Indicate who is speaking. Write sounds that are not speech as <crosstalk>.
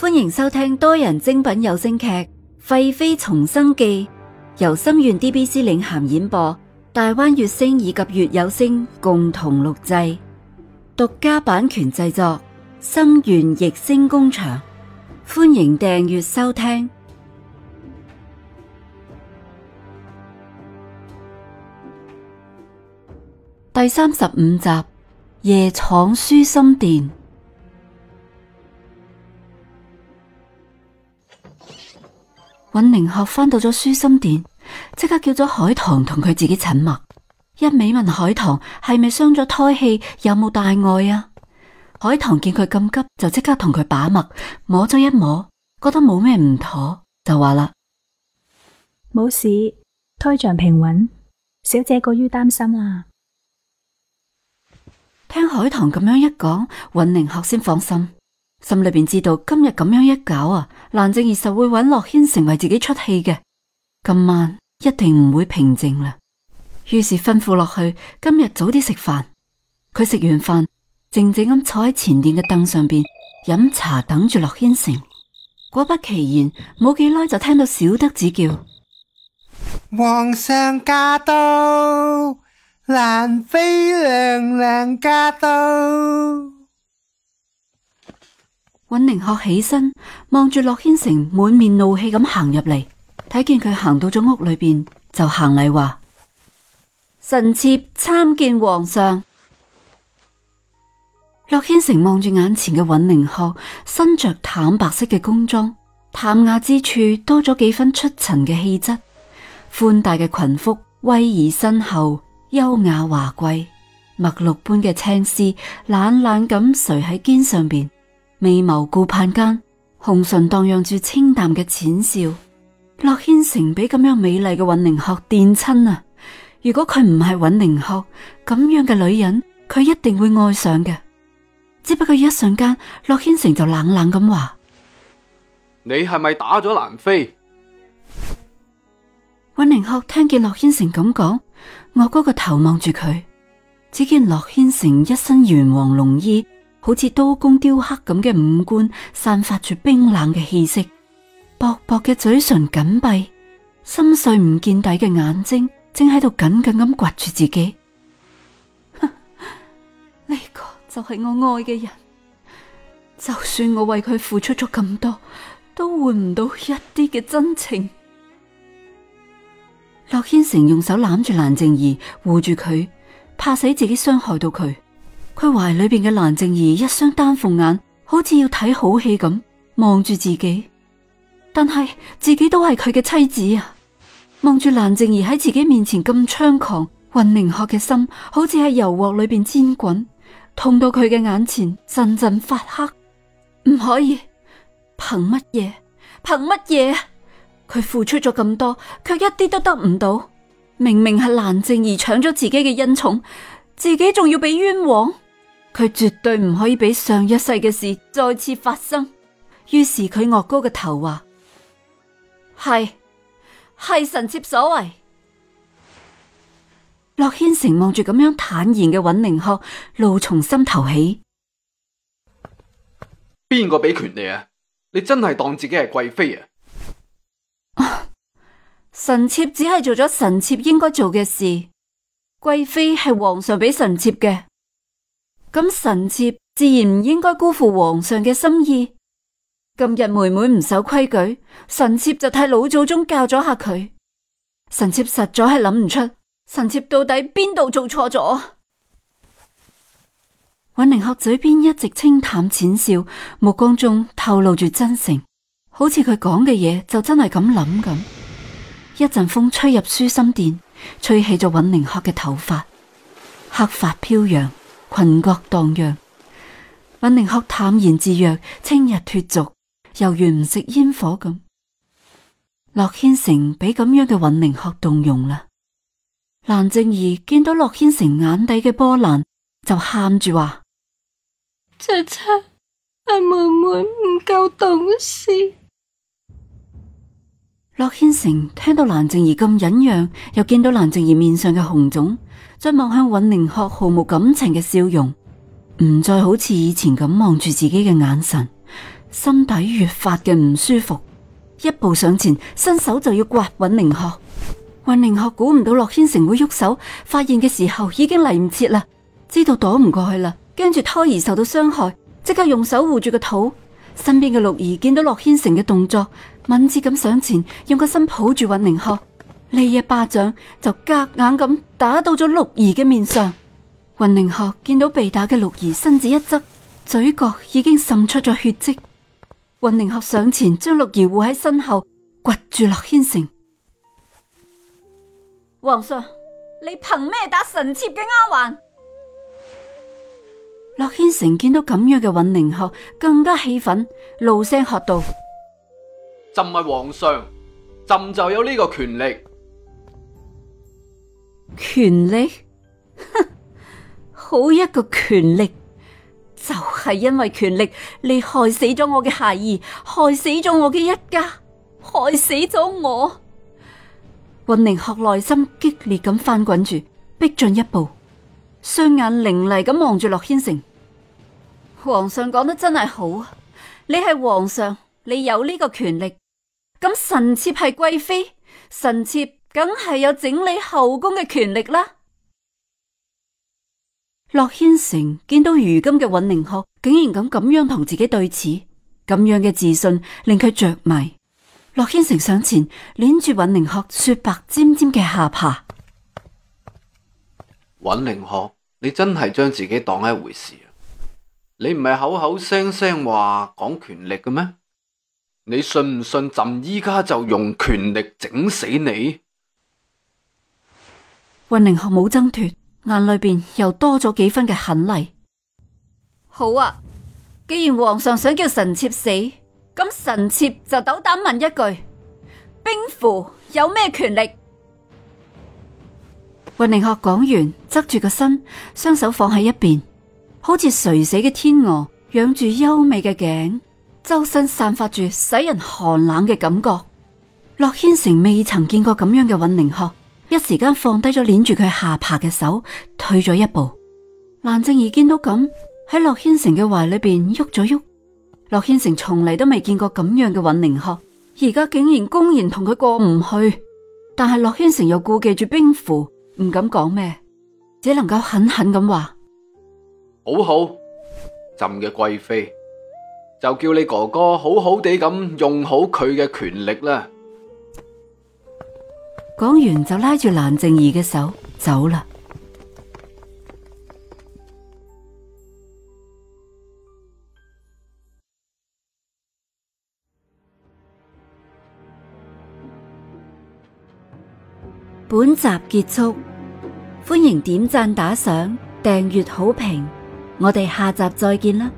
Speaker 1: 歡迎收聽多人精品有聲劇《廢妃重生記》，由心願 DBC 領銜演播，大灣月星以及月有聲共同錄製，獨家版權製作，心願逸星工場。歡迎訂閱收聽第三十五集《夜闖舒心殿》。尹寧學返到咗舒心殿，即刻叫咗海棠同佢自己診脈。一味問海棠係咪傷咗胎氣，有冇大礙啊？海棠見佢咁急，就即刻同佢把脈，摸咗一摸，覺得冇咩唔妥，就話啦，冇事，胎象平穩，小姐過於擔心啦，啊。聽海棠咁樣一講，尹寧學先放心。心裏邊知道今日咁樣一搞啊，蘭靜兒實會揾樂軒成為自己出氣嘅，今晚一定唔會平靜啦。於是吩咐落去，今日早啲食飯。佢食完飯，靜靜咁坐喺前殿嘅凳上邊飲茶，等住樂軒成。果不其然，冇幾耐就聽到小德子叫，皇上駕到，蘭妃娘娘駕到。尹寧鶴起身，望住洛軒成，滿面怒氣咁行入嚟。睇見佢行到咗屋裏邊，就行禮話：臣妾參見皇上。洛軒成望住眼前嘅尹寧鶴，身着淡白色嘅宮裝，淡雅之處多咗幾分出塵嘅氣質。寬大嘅裙服逶迤身後，優雅華貴，墨綠般嘅青絲懶懶咁垂喺肩上邊。未謀顧盼間，紅唇蕩漾住清淡嘅淺笑。洛軒城俾咁樣美麗嘅尹寧學電親啊。如果佢唔係尹寧學咁樣嘅女人，佢一定會愛上嘅。只不過一瞬間，洛軒城就冷冷咁話：你係咪打咗蘭妃？尹寧學聽見洛軒城咁講，我嗰個頭望住佢，只見洛軒城一身玄黃龍衣。好似刀工雕刻咁嘅五官，散發住冰冷嘅氣息，薄薄嘅嘴唇緊閉，深邃唔見底嘅眼睛，正喺度緊緊咁掘住自己。呢、這個就係我愛嘅人，就算我為佢付出咗咁多，都換唔到一啲嘅真情。洛軒成用手攬住蘭靜儀，護住佢，怕死自己傷害到佢。佢懷裏邊嘅蘭靜兒一雙丹鳳眼，好似要睇好戲咁望住自己，但係自己都係佢嘅妻子啊！望住蘭靜兒喺自己面前咁猖狂，溫寧鶴嘅心好似喺油鑊裏邊煎滾，痛到佢嘅眼前陣陣發黑。唔可以，憑乜嘢？憑乜嘢？佢付出咗咁多，卻一啲都得唔到。明明係蘭靜兒搶咗自己嘅恩寵，自己仲要俾冤枉。佢絕對唔可以俾上一世嘅事再次發生。於是佢惡高嘅頭話：係係臣妾所為。洛軒成望住咁樣坦然嘅尹寧鶴，怒從心頭起。邊個俾權力啊？你真係當自己係貴妃啊？ <laughs> 臣妾只係做咗臣妾應該做嘅事。貴妃係皇上俾臣妾嘅。咁臣妾自然唔應該辜負皇上嘅心意。今日妹妹唔守規矩，臣妾就替老祖宗教咗下佢。臣妾實在係諗唔出，臣妾到底邊度做錯咗？尹寧鶴嘴邊一直清淡淺笑，目光中透露住真誠，好似佢講嘅嘢就真係咁諗咁。一陣風吹入舒心殿，吹起咗尹寧鶴嘅頭髮，黑髮飄揚。琴角蕩漾，尹寧鶴淡然自若，清日脫俗，猶如唔食煙火咁。洛軒成俾咁樣嘅尹寧鶴動容啦。蘭靜兒見到洛軒成眼底嘅波瀾，就喊住話：姐姐，係妹妹唔夠懂事。洛軒成聽到蘭靜兒咁忍讓，又見到蘭靜兒面上嘅紅腫再望向尹寧鶴毫無感情嘅笑容，唔再好似以前咁望住自己嘅眼神，心底越發嘅唔舒服，一步上前，伸手就要摑尹寧鶴。尹寧鶴估唔到洛軒成會喐手，發現嘅時候已經嚟唔切啦，知道躲唔過去啦，驚住胎兒受到傷害，即刻用手護住個肚。身邊嘅六兒見到洛軒成嘅動作，敏捷咁上前，用個身抱住尹寧鶴。呢一巴掌就夾硬咁打到咗六兒嘅面上，尹寧鶴見到被打嘅六兒身子一側，嘴角已經滲出咗血跡。尹寧鶴上前將六兒護喺身後，掘住樂軒成，皇上，你憑咩打臣妾嘅丫鬟？樂軒成見到咁樣嘅尹寧鶴，更加氣憤，怒聲喝道：朕係皇上，朕就有呢個權力。權力，哼， <laughs> 好一個權力，就係、是、因為權力，你害死咗我嘅孩兒，害死咗我嘅一家，害死咗我。雲寧學內心激烈咁翻滾住，逼進一步，雙眼凌厲咁望住洛軒成。皇上講得真係好，你係皇上，你有呢個權力，咁臣妾係貴妃，臣妾。梗係有整理後宮嘅權力啦！洛軒成見到如今嘅尹寧鶴竟然敢咁樣同自己對峙，咁樣嘅自信令佢着迷。洛軒成上前捏住尹寧鶴雪白尖尖嘅下巴，尹寧鶴，你真係將自己當一回事？你唔係口口聲聲話講權力嘅咩？你信唔信朕依家就用權力整死你？運寧學冇掙脫，眼裏邊又多咗幾分嘅狠厲。好啊，既然皇上想叫臣妾死，咁臣妾就斗膽問一句：兵符有咩權力？運寧學講完，側住個身，雙手放喺一邊，好似垂死嘅天鵝，仰住優美嘅頸，周身散發住使人寒冷嘅感覺。洛軒成未曾見過咁樣嘅運寧學。一時間放低咗捻住佢下巴嘅手，退咗一步。蘭靜兒見到咁，喺洛軒成嘅懷裏邊喐咗喐。洛軒成從嚟，都未見過咁樣嘅尹寧珂，而家竟然公然同佢過唔去。但係洛軒成又顧忌住兵符，唔敢講咩，只能夠狠狠咁話：好好，朕嘅貴妃，就叫你哥哥好好地咁用好佢嘅權力啦。講完就拉住藍靜儀嘅手走啦。本集結束，歡迎點讚打賞、訂閱好評，我哋下集再見啦。